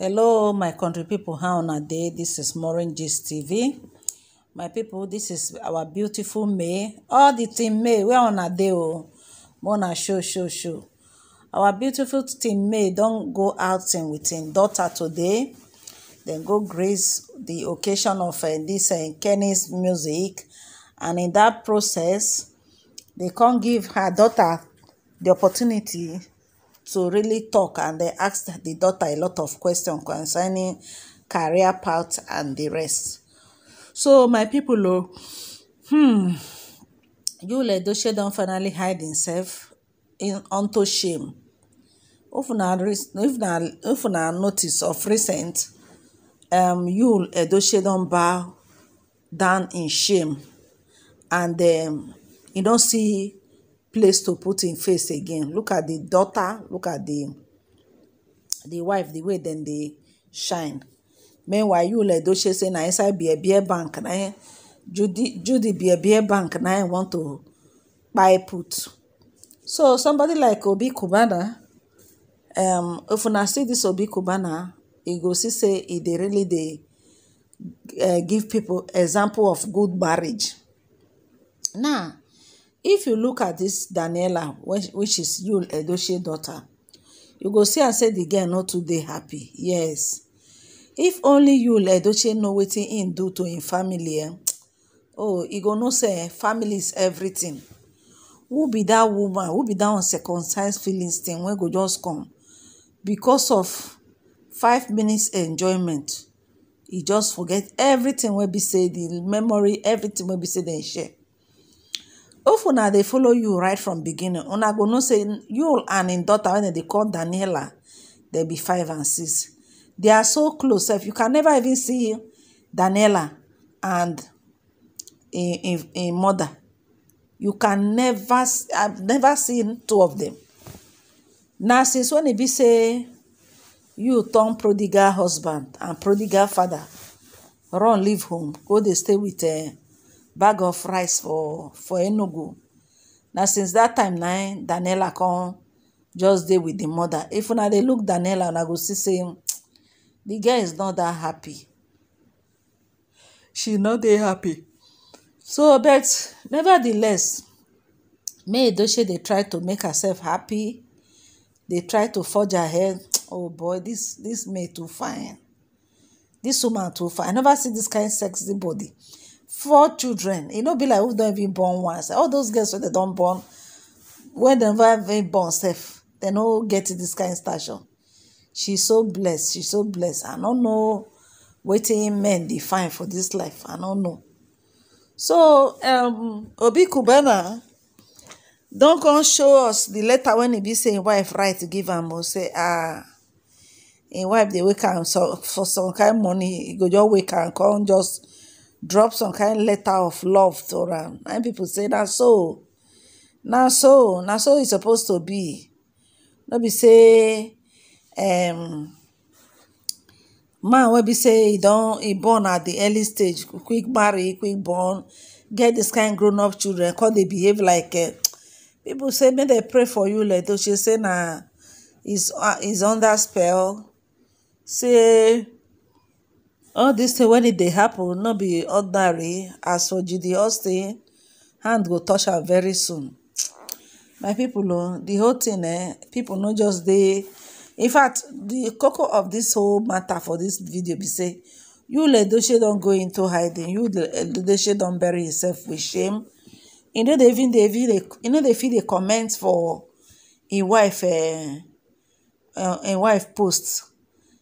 hello my country people. how una dey This is morin gist tv my people, this is our beautiful may all the team may wey una dey o oh? mona show show show our beautiful team may don't go out and with im daughter today Then go grace the occasion of eh, this dis eh, kenny's music and in that process they can't give her daughter the opportunity to really talk and they asked the daughter a lot of questions concerning career path and the rest. So my people, oh, hmm, Yul Edochie don't finally hide himself in unto shame. If una if na notice of recent, um, Yul Edochie don't bow down in shame, and um, you don't see place to put him face again look at the daughter look at the the wife the way then they shine meanwhile Yul Edochie say na inside beer bank na him eh? Judy Judy beer bank na him eh, want to buy put so somebody like Obi Kubana. um, if una see this Obi Kubana, he go see say e really dey uh, give people example of good marriage now if you look at this daniela which is yul edoche daughter you go see and say again, girl today, too dey happy yes if only yul edoche know wetin in do to in family eh oh e go know say eh, family is everything who be that woman who be dat uncircumcised feelings thing wey go just come because of five minutes enjoyment e just forget everything wey be say in memory everything wey be say dem share if una they follow you right from beginning una go know say you and im daughter when they call daniela they be five and six they are so close If you can never even see daniela and a mother you can never i've never seen two of them. Now since when e be say you turn prodigal husband and prodigal father run leave home go they stay with eh, bag of rice for for enugu na since that time na daniela come just dey with the mother if una dey look daniela una go see say hmm, the girl is not that happy she no dey happy so but nevertheless may edoche dey try to make herself happy dey try to forge ahead. oh boy this this may too fine This woman too fine i never see this kind sexy body four children e no be like who don't even born once all those girls when they don't born when they never even born safe, they no get this kind of station she so blessed she so blessed i no know wetin men dey find for this life i no know so um obi kubena don't go show us the letter when he be saying im wife write give him o say ah im wife dey wake so for some kain money e go just wake am come just drop some kind letter of love to am and people say na so na so na so e supposed to be no be say um, man wey be say e don e born at the early stage quick marry quick born get this kind grown up children come they behave like it. Eh, people say may they pray for you like she say na is ah, under spell say all this thing wen e dey happen not be ordinary as for Judy Austin hand go touch her very soon my people, oh, the whole thing, eh People no just they. in fact the koko of this whole matter for this video be say you let edoche don't go into hiding You let edoche eh, don't bury himself with shame e no they even they even they feel the comments for a e wife uh, eh, A eh, wife posts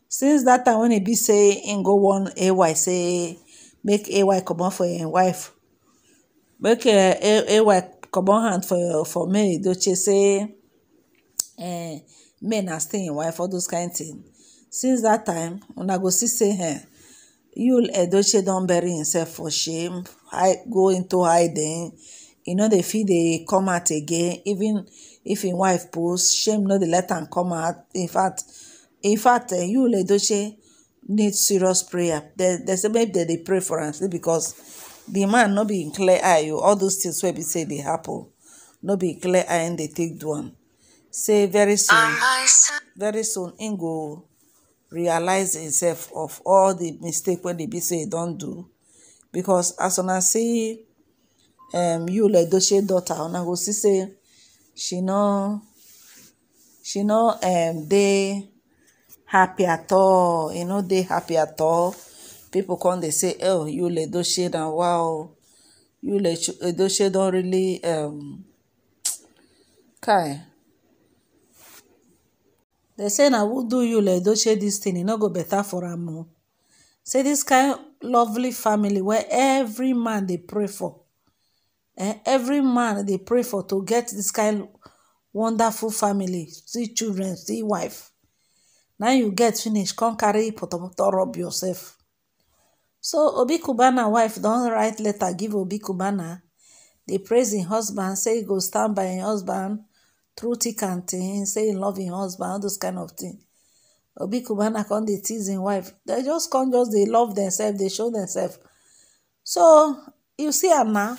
since that time when e be say im go warn ay say make ay comot for im wife make eh, ay comot hand for for may idoche say eh, may na still im wife all those kind thing. since that time una go see say eh, yul edoche eh, don bury himself for shame Hide, go into hiding e no dey fit dey come out again even if im wife post shame no dey let am come out in fact in fact eh, Yul Edochie need serious prayer dem say maybe dem they pray for us because the man not be clear eye o oh. all those things where we say they happen not be clear eye and they take one say very soon very soon im realize himself of all the mistake when they be say don't do because as una see um, Yul Edochie daughter una go see say she know, she know um they happy at all e no dey happy at all pipo come dey say oh yule edoche na wow yule edoche eh, don really um, kai dem say na who do yule edoche dis thing e no go better for am o say dis kain lovely family wey every man dey pray for eh, every man dey pray for to get dis kain wonderful family see children see wife na you get finish come carry potopoto rub yoursef. so obi kubana wife don write letter give obi kubana dey praise im husband say e go stand by im husband through and thin say e love im husband all those kind of things obi kubana come dey tease im wife dem just come just dey love demsef dey show demsef. so you see am na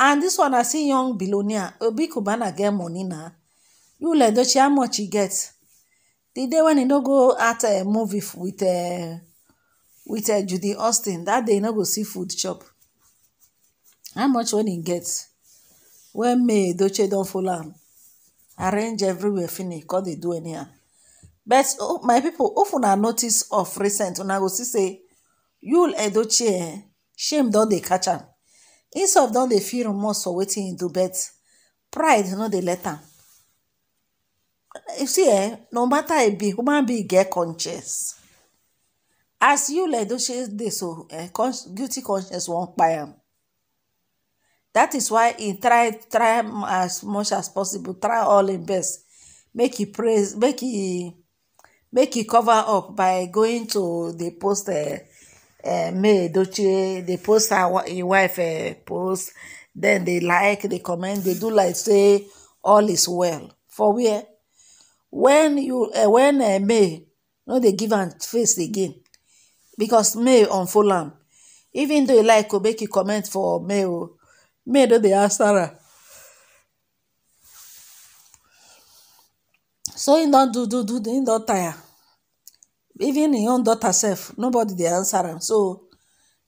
and dis one i see young billionaire obi kubana get money na you ledochi how much e get. The day when he no go at a eh, movie with a eh, with a eh, Judy Austin, that day he no go see food chop. How much when he get? When May Doche don follow am, arrange everywhere finish, cause dey do anyhow. But oh, my people, if una notice of recent, una go see say Yul Edochie, eh, shame don dey catch am. Instead of don dey feel remorse for wetin he do, but pride no dey let am you see eh no matter e be human being get conscience as you like doche dey so eh guilty conscience won't kpai am that is why he try try as much as possible try all in best make he praise make he, make he cover up by going to the post eh uh, May Edochie dey post her im wife uh, post then they like they comment they do like say all is well for where when you eh, when eh, may no dey give am face again because may unfollow am even though he like o make e comment for may o may no dey answer am so he don do do do He don tire even im own daughter sef nobody dey answer am so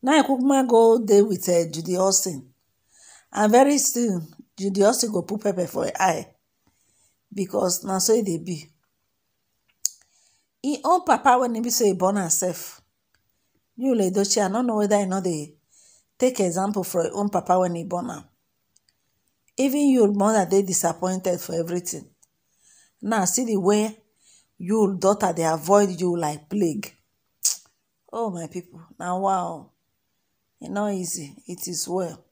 now Kukuma go dey with eh, judy austin and very soon judy austin go put pepper for her eye because na so e dey be im own papa wen e be say e born amsef yul edochie i no know weda e no dey take example for your own papa when he born am even your mother dey disappointed for everything now see the way your daughter dey avoid you like plague oh my people, na wow e no easy it is well